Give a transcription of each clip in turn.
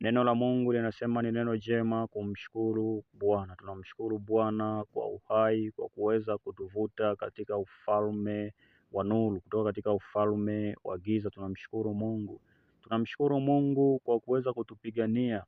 Neno la Mungu linasema ni neno jema kumshukuru Bwana. Tunamshukuru Bwana kwa uhai, kwa kuweza kutuvuta katika ufalme wa nuru kutoka katika ufalme wa giza. Tunamshukuru Mungu, tunamshukuru Mungu kwa kuweza kutupigania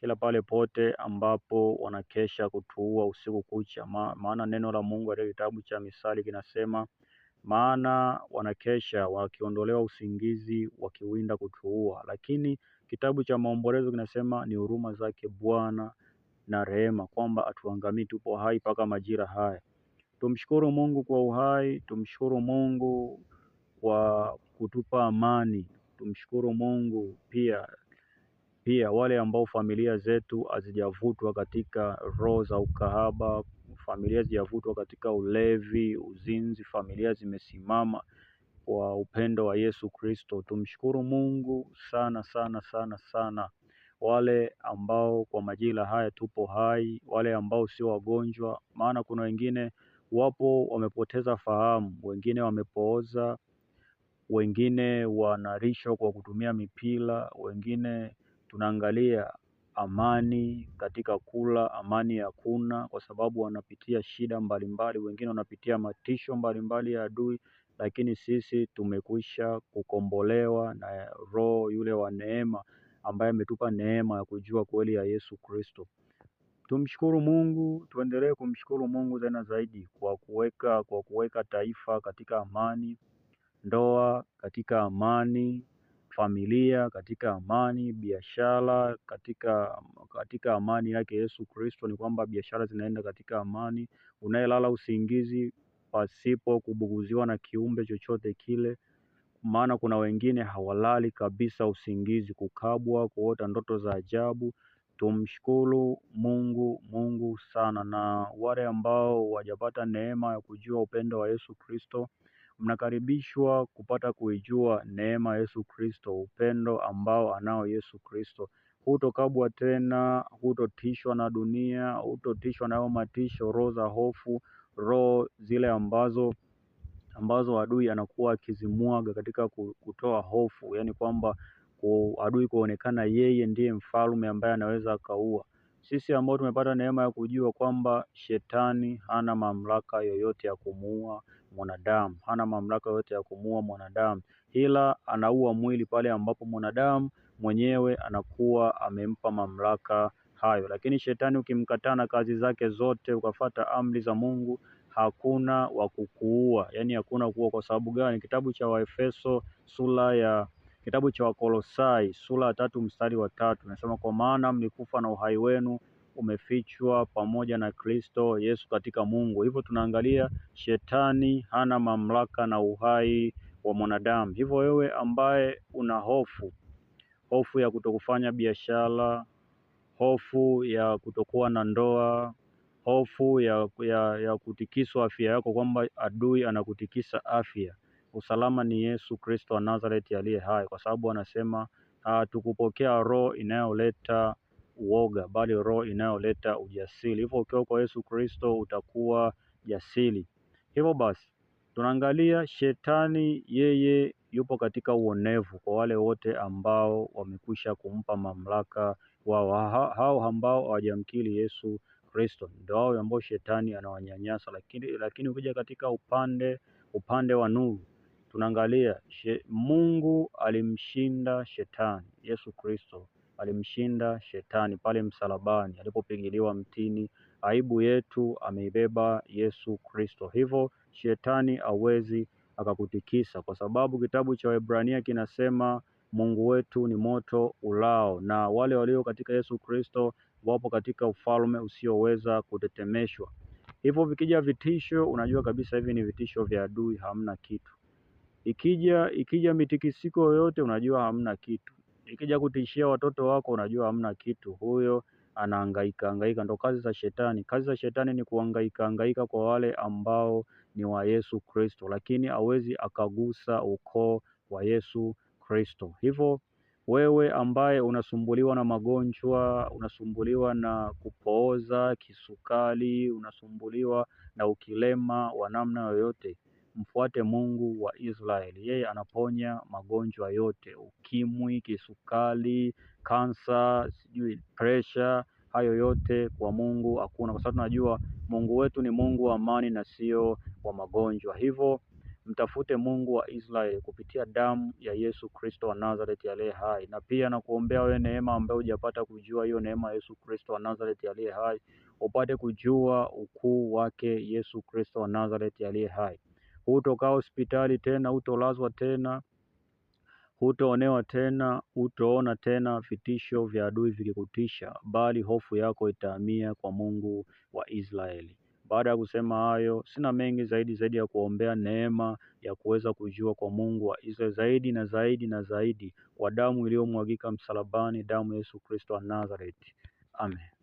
kila pale pote ambapo wanakesha kutuua usiku kucha. Maana neno la Mungu katika kitabu cha Misali kinasema, maana wanakesha wakiondolewa usingizi, wakiwinda kutuua, lakini Kitabu cha maombolezo kinasema ni huruma zake Bwana na rehema, kwamba atuangamii, tupo hai mpaka majira haya. Tumshukuru Mungu kwa uhai, tumshukuru Mungu kwa kutupa amani, tumshukuru Mungu pia pia wale ambao familia zetu hazijavutwa katika roho za ukahaba, familia hazijavutwa katika ulevi, uzinzi, familia zimesimama kwa upendo wa Yesu Kristo. Tumshukuru Mungu sana sana sana sana, wale ambao kwa majira haya tupo hai, wale ambao sio wagonjwa, maana kuna wengine wapo wamepoteza fahamu, wengine wamepooza, wengine wanarishwa kwa kutumia mipira, wengine tunaangalia amani katika kula, amani hakuna, kwa sababu wanapitia shida mbalimbali, wengine wanapitia matisho mbalimbali ya adui lakini sisi tumekwisha kukombolewa na Roho yule wa neema ambaye ametupa neema ya kujua kweli ya Yesu Kristo. Tumshukuru Mungu, tuendelee kumshukuru Mungu tena zaidi kwa kuweka kwa kuweka taifa katika amani, ndoa katika amani, familia katika amani, biashara katika katika amani yake Yesu Kristo, ni kwamba biashara zinaenda katika amani, unayelala usingizi pasipo kubuguziwa na kiumbe chochote kile, maana kuna wengine hawalali kabisa usingizi, kukabwa, kuota ndoto za ajabu. Tumshukuru Mungu Mungu sana. Na wale ambao wajapata neema ya kujua upendo wa Yesu Kristo, mnakaribishwa kupata kuijua neema ya Yesu Kristo, upendo ambao anao Yesu Kristo. Hutokabwa tena, hutotishwa na dunia, hutotishwa na hayo matisho, roho za hofu roho zile ambazo ambazo adui anakuwa akizimwaga katika kutoa hofu, yaani kwamba adui kuonekana yeye ndiye mfalme ambaye anaweza akaua. Sisi ambao tumepata neema ya kujua kwamba shetani hana mamlaka yoyote ya kumuua mwanadamu, hana mamlaka yoyote ya kumuua mwanadamu, ila anaua mwili pale ambapo mwanadamu mwenyewe anakuwa amempa mamlaka hayo. Lakini shetani ukimkataa na kazi zake zote, ukafata amri za Mungu, hakuna wa kukuua, yaani hakuna kuua. Kwa sababu gani? Kitabu cha Waefeso sura ya kitabu cha Wakolosai sura ya tatu mstari wa tatu nasema kwa maana mlikufa na uhai wenu umefichwa pamoja na Kristo Yesu katika Mungu. Hivyo tunaangalia shetani hana mamlaka na uhai wa mwanadamu. Hivyo wewe ambaye una hofu hofu ya kutokufanya biashara hofu ya kutokuwa na ndoa, hofu ya, ya, ya kutikiswa afya yako, kwamba adui anakutikisa afya. Usalama ni Yesu Kristo wa Nazareti aliye hai, kwa sababu anasema ah, tukupokea roho inayoleta uoga, bali roho inayoleta ujasiri. Hivyo ukiwa kwa Yesu Kristo utakuwa jasiri. Hivyo basi tunaangalia shetani, yeye yupo katika uonevu kwa wale wote ambao wamekwisha kumpa mamlaka wao. Hao ambao hawajamkiri Yesu Kristo ndio wao ambao shetani anawanyanyasa. Lakini lakini ukija katika upande upande wa nuru tunaangalia she, Mungu alimshinda shetani. Yesu Kristo alimshinda shetani pale msalabani alipopigiliwa mtini. Aibu yetu ameibeba Yesu Kristo, hivyo shetani hawezi akakutikisa, kwa sababu kitabu cha Waebrania kinasema Mungu wetu ni moto ulao, na wale walio katika Yesu Kristo wapo katika ufalme usioweza kutetemeshwa. Hivyo vikija vitisho, unajua kabisa hivi ni vitisho vya adui, hamna kitu. Ikija ikija mitikisiko yoyote, unajua hamna kitu. Ikija kutishia watoto wako, unajua hamna kitu, huyo anahangaika hangaika. Ndo kazi za shetani. Kazi za shetani ni kuhangaika hangaika kwa wale ambao ni wa Yesu Kristo, lakini hawezi akagusa ukoo wa Yesu Kristo. Hivyo wewe ambaye unasumbuliwa na magonjwa, unasumbuliwa na kupooza, kisukari, unasumbuliwa na ukilema wa namna yoyote, mfuate Mungu wa Israeli. Yeye anaponya magonjwa yote, ukimwi, kisukari, kansa, sijui pressure, hayo yote kwa Mungu hakuna, kwa sababu tunajua Mungu wetu ni Mungu wa amani na sio wa magonjwa. Hivyo mtafute Mungu wa Israeli kupitia damu ya Yesu Kristo wa Nazareti aliye hai. Na pia nakuombea wewe neema ambayo hujapata kujua hiyo neema ya Yesu Kristo wa Nazareti aliye hai, upate kujua ukuu wake Yesu Kristo wa Nazareti aliye hai. Hutokaa hospitali tena, hutolazwa tena, Hutoonewa tena, hutoona tena vitisho vya adui vikikutisha, bali hofu yako itahamia kwa Mungu wa Israeli. Baada ya kusema hayo, sina mengi zaidi zaidi ya kuombea neema ya kuweza kujua kwa Mungu wa Israeli zaidi na zaidi na zaidi kwa damu iliyomwagika msalabani, damu Yesu Kristo wa Nazareti. Amen.